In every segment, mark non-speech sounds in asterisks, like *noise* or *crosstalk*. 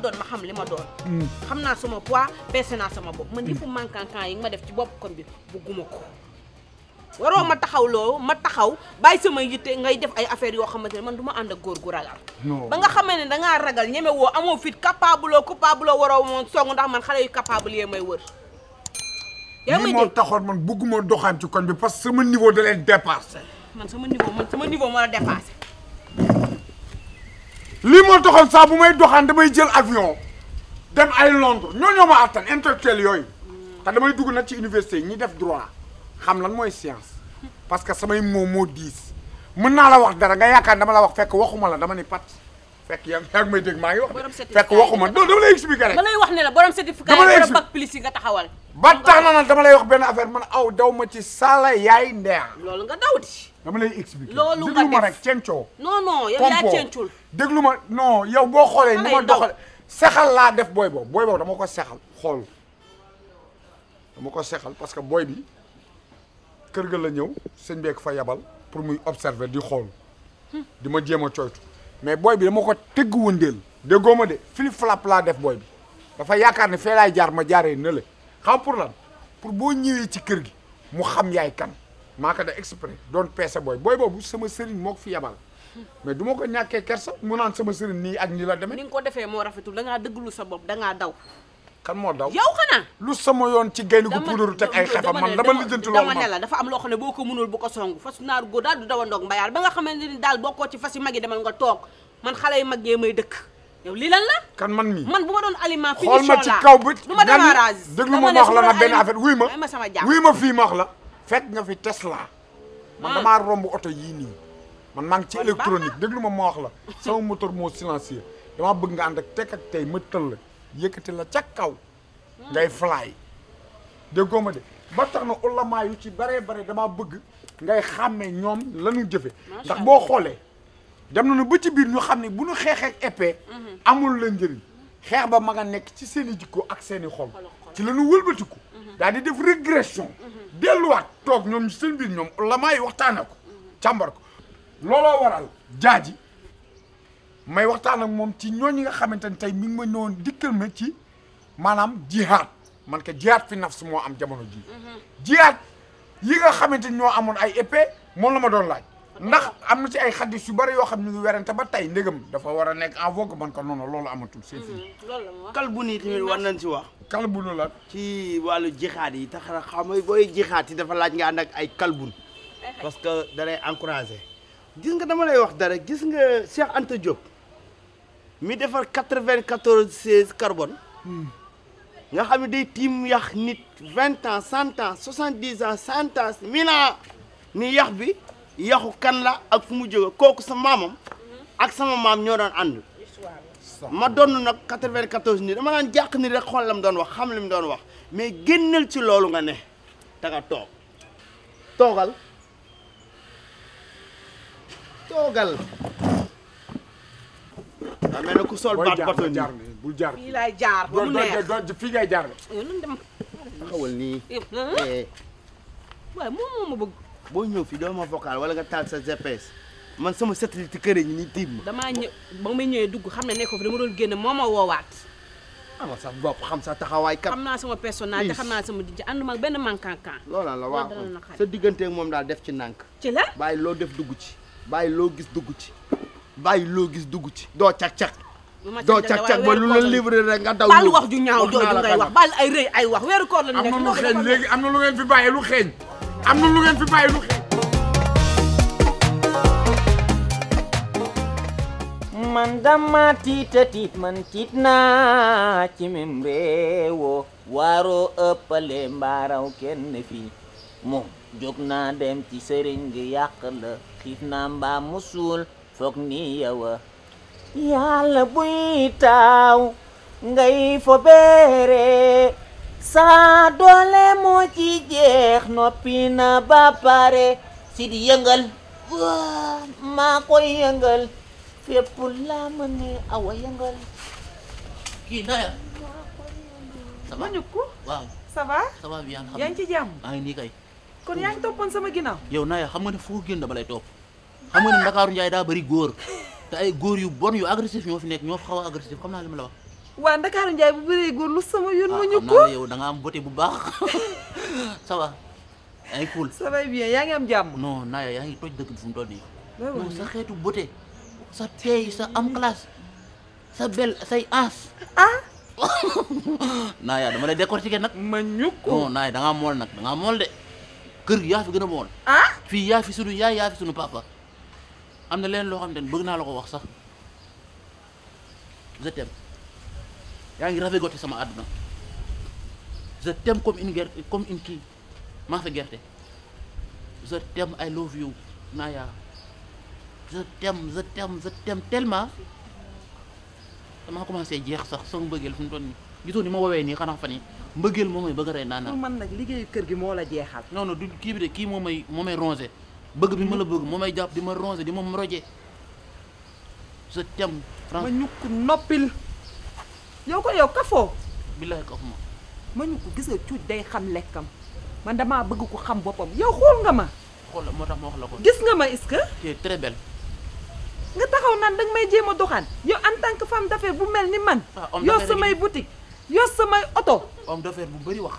doon ma xam li ma doon mm. xam naa sama poids peese naa sama bopp man yëfu manquant yi nga ma def ci bopp kon bi bugguma ko waroo ma taxaw loo ma taxaw bàyyi sama yitte ngay def ay affaires yoo xam xamante ne man duma ànd ak góor gu ragal ba nga xamee ne dangaa ragal ñeme woo amoo fit capable oo oo waroo moom song ndax man xale yu capable yee may wër yaa ngi moo taxoon man bëgguma doxaan ci koñ bi parce que sama niveau da leen dépassé man sama niveau man sama niveau moo lii moo taxoon saa bu may doxaan damay jël avion dem ay Londres ñoo ñoo ma attan intellectuel yooyu te damay dugg nag ci université yi ñi def droit xam lan mooy science parce que samay moom moo diis mën naa la wax dara nga yaakaar dama la wax fekk waxuma la dama ni pat fekk yaa may dégg wax fekk waxuma dama ma lay wax ne la borom certificat borom bac plus yi nga taxawal. ba tax na nag dama lay wax benn affaire man aw daw ma ci sala yaay ndeex. loolu nga daw di. dama lay expliquer loolu nga def déglu ma rek cencoo. non non yow yaa cencul déglu ma non yow boo xoolee. nu ma doxal sexal laa def booy boobu booy boobu dama ko sexal xool dama ko sexal parce que booy bi kër ga la ñëw sëñ beek fa yabal pour muy observer di xool di ma jéem a coytu mais booy bi dama ko tëgg wëndeel déggoo ma de flip flap laa def booy bi dafa yaakaar ne fee laay jaar ma jaaree nële. xam pour lan pour boo ñëwee ci kër gi mu xam yaay kan maa ko da exprès doon peese booy booy boobu sama sëriñ moo ko fi yabal mais du ma ko ñàkkee kersa mu naan sama sëriñ nii ak nii la demee. ni nga ko defee moo rafetul da ngaa dëgglu sa bopp da ngaa daw. kan moo daw yow xanaa. lu sama yoon ci gaynde gu puudaru teg ay xefam man dama lijjanti loolu dama ne la dafa am loo xam ne boo ko mënul bu ko songu fas naaru góor daal du dawandoog mbayaal ba nga xamante ni daal bokkoo ci fas yu mag yi demal nga toog man xale yu mag yee may dëkk yow lii lan la. kan man mii man bu ma doon aliment. finition la xool ma ci kaw bi du ma démarrage déglu ma ma wax la nag benn affaire wuy ma wuy ma fii ma wax la. fekk nga fi Tesla. Ah. man damaa romb oto yii nii. man maa ngi ci électronique déglu ma ma wax la. *laughs* sama moteur moo silencieux damaa bëgg nga ànd ak teg tey ma la yëkkati la ca kaw. Hmm. ngay fly déggoo ma de ba tax na ulama yu ci baree bare damaa bëgg ngay xàmmee ñoom lanu jëfe ndax boo xoolee. dem nañu ba ci biir ñu xam ne bu ñu xeexee ak mhm. amul la njëriñ xeex ba ma nga nekk ci seen i jikko ak seen i xol ci la ñu wëlbatiku mhm. daal di def régression mhm. delluwaat toog ñoom seen biir ñoom ulamaa yi waxtaane ko càmbar ko looloo waral jaaji may waxtaan ak moom ci ñoo ñooñu nga xamante ne tey mi ngi ma ñëwoon dikkal ma ci maanaam jihaad man ka jihaad fi nafs moo am jamono ji jihaad yi nga xamante ni ñoo amoon ay épée moom la ma doon laaj ndax am na ci ay xaddis yu bari yoo xam ne ñu ngi werante ba tey ndegam dafa war a nekk en vogue man ko noonu loolu amatul c'est fini mm-hmm. kal bu nii tamit war nañ si wax kalbun la ci wàllu jixaat yi tax na xam nga booy jixaat yi dafa laaj nga ànd ak ay kalbun *laughs* parce que danay encouragé gis nga dama lay wax dara gis nga Cheikh Anta Diop mi defar quatre-vingt-quatorze seize carbone hmm. nga xam ne day tiim yax nit vingt ans cent ans soixante-dix ans cent ans mille ans ni yax bi yaxu kan la ak fu mu jóge kooku sa maamam ak sama maam ñoo daan ànd ma doon nag 94 nii dama naan jàq ni rek xool la mu doon wax xam mu doon wax mais génnal ci loolu nga ne da toog toogal toogal daa mel ku sol baat bato nii laay jaar ba boo ñëw fii doo ma vocal wala nga taal sa GPS man sama satellite kër yi nii tiim ma. damaa ñëw ba may ñëwee dugg xam ne nekkoo fi dama doon génn moo ma woowaat. ama sa bopp xam sa taxawaay kat. naa sama personnage te xam naa sama dijj ànduma ak benn mankankan. loola la waaw sa digganteeg moom daal def ci nànk. ci la bàyyi loo def dugg ci. bàyyi loo gis dugg ci. bàyyi loo gis dugg ci. doo cag-cag. doo cag-cag ba lu la livré rek nga daw. lu wax ju ñaaw jooju ngay wax baal ay rëy ay wax weer koor la ñu am na lu xeeñ léegi am na lu ngeen fi bàyyi lu xeeñ am na lu ngeen fi bàyyi lu xew. man dama tiita tiit man tiit naa ci mim réewoo waaroo ëppale mbaaraw kenn fi moom jóg naa dem ci sëriñ gi yàq la xiif naa mbaa musul foog ni yowa yàlla buy taaw ngay fo saa doole moo ci jeex noppi na ba pare si di yëngal waa maa koy yëngal fépp laa mën ne awa yëngal kii Ndaya ça va ñukku waaw ça va ça va bien yaa ngi xam nga ne foo génn dama lay topp xam nga ne Ndakaaru Njaay daa bëri góor te ay goor yu bon yu agressif ñoo fi nekk ñoo fi xaw a agressif naa li ma la wax waa Ndakaaru Njaay bu bëree góor lu sama yoon ma ah, ñu ko yow da am beauté bu baax *laughs* ça va yaa ngi cool yaa ngi am jàmm non Naaya yaa ngi toj dëkk bi fu mu toll sa xeetu beauté sa teey sa am classe sa bel say ans ah *laughs* Naaya dama lay décortiquer nag ma ñu ko non Naaya da mool nag da nga mool de kër yaa fi gën a mool ah? fii yaa fi sunu yaay yaa fi sunu papa am na leen loo xam ne bëgg naa la ko wax sax yaa ngi ravigoté sama àdduna je t'aime comme une comme une kii maa gerte je t'aime I love you Naya je t'aime je t'aime je t'aime tellement damaa jeex sax sama mbëggeel fu mu toll nii gisoo ni ma woowee nii xanaa fan yi mbëggeel may bëgg a rey naan man nag liggéeyu kër gi moo la jeexal. non du kii bi de kii moo may moo may bëgg bi ma la bëgg moo may jàpp di ma rongé di ma roje je t'aime. ma ñu noppil. yow ko yow kafoo. billaay kaf ma. ma ñu ko gisee nga cuuj day xam lekkam man damaa bëgg ko xam boppam yow xool nga ma. moo tax ma wax la ko. gis nga ma est-ce que. nga taxaw naan danga may jéem a doxaan. yow en tant que femme bu mel ni man. Ah, yow samay boutique yow samay oto. om d'affaires bu bëri wax.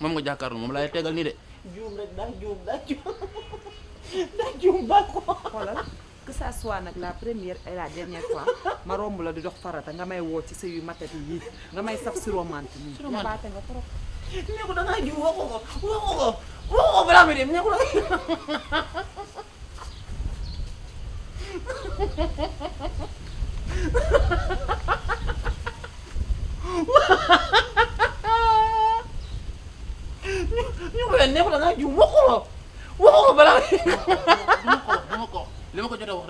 moom nga jàkkaarloo moom laay tegal nii de. juum rek ndax juum ndax juum *laughs* ndax juum baax ko. que ça soit nag la première et la dernière ma romb la di dox farata nga may woo ci sëy yu matati yi nga may saf si romante nii. si romante baate nga trop. nee ko da ngaa jiw waxoo ko waxoo ko waxoo ko balaa dem nee ko *laughs*